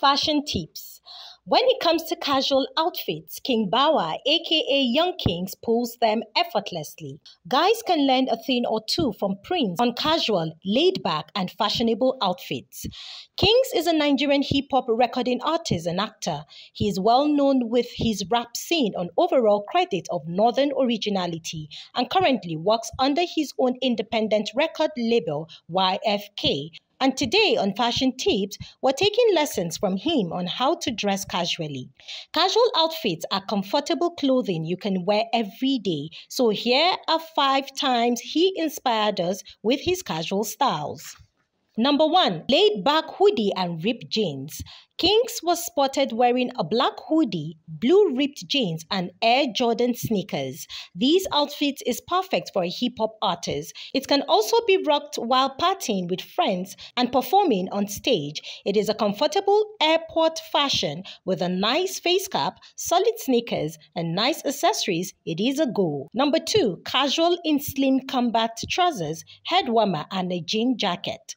fashion tips. When it comes to casual outfits, King Bawa, aka Young Kings, pulls them effortlessly. Guys can learn a thing or two from Prince on casual, laid back, and fashionable outfits. Kings is a Nigerian hip hop recording artist and actor. He is well known with his rap scene on overall credit of Northern originality and currently works under his own independent record label, YFK. And today on Fashion Tips, we're taking lessons from him on how to dress casually. Casual outfits are comfortable clothing you can wear every day. So here are five times he inspired us with his casual styles. Number one, laid back hoodie and ripped jeans. Kings was spotted wearing a black hoodie, blue ripped jeans, and Air Jordan sneakers. These outfits is perfect for a hip hop artist. It can also be rocked while partying with friends and performing on stage. It is a comfortable airport fashion with a nice face cap, solid sneakers, and nice accessories. It is a go. Number two, casual in slim combat trousers, head warmer, and a jean jacket.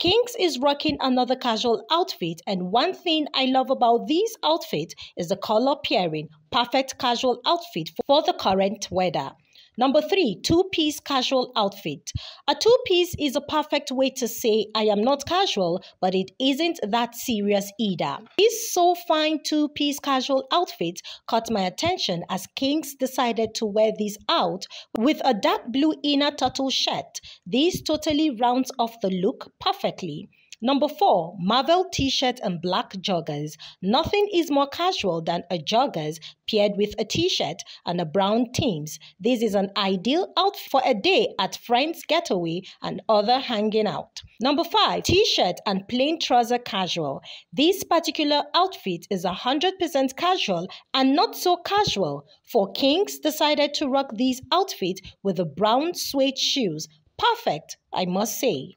Kings is rocking another casual outfit, and one thing I love about these outfits is the color pairing, perfect casual outfit for the current weather. Number three, two piece casual outfit. A two piece is a perfect way to say, I am not casual, but it isn't that serious either. This so fine two piece casual outfit caught my attention as Kings decided to wear this out with a dark blue inner turtle shirt. This totally rounds off the look perfectly. Number four, Marvel t shirt and black joggers. Nothing is more casual than a joggers paired with a t shirt and a brown Teams. This is an ideal outfit for a day at friends' getaway and other hanging out. Number five, t shirt and plain trouser casual. This particular outfit is 100% casual and not so casual. For Kings decided to rock these outfits with the brown suede shoes. Perfect, I must say.